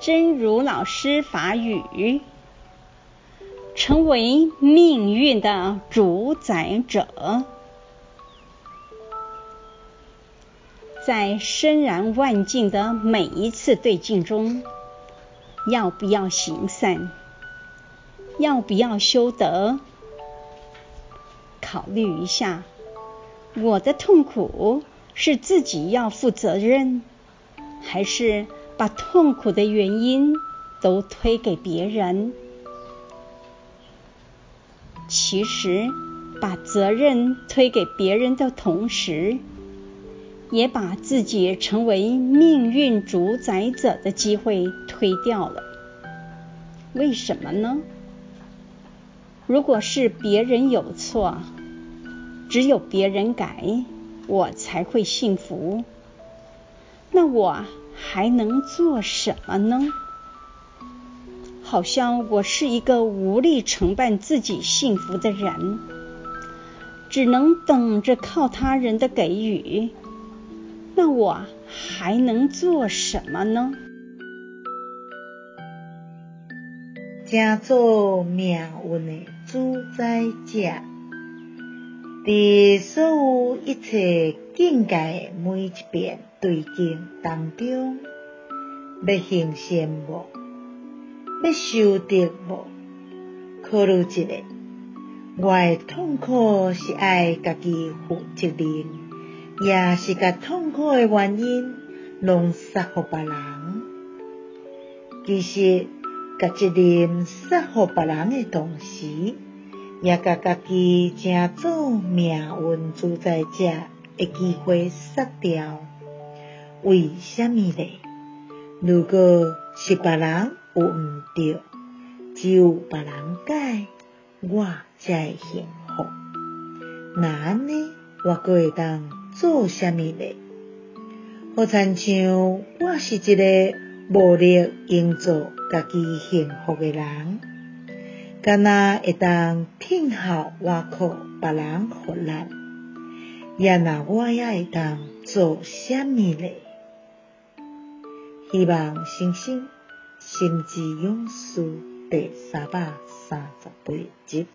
真如老師法語，成為命運的主宰者，在森然萬境的每一次對境中，要不要行善？要不要修德？考慮一下，我的痛苦是自己要負責任，還是？把痛苦的原因都推給別人，其實把責任推給別人的同時，也把自己成為命運主宰者的機會推掉了。為什麼呢？如果是別人有錯，只有別人改，我才會幸福。那我，還能做什麼呢？好像我是一個無力成辦自己幸福的人，只能等着靠他人的給予。那我還能做什麼呢？家做在所有一切境界每一遍對境當中，要行善無，要修德無，考慮一下，我的痛苦是愛家己負責任，也是把痛苦的原因攏撒互別人。其實，甲責任撒互別人的同時，也甲家己正做命運主宰者的機會殺掉，為啥物呢？如果是別人有毋對，只有別人改，我才會幸福。那安尼我過會當做啥物呢？好，親像我是一個無力營造家己幸福嘅人。干那會當偏好外口別人合爛也那我也會當做蝦米嘞？希望新生心之勇士第三百三十八集。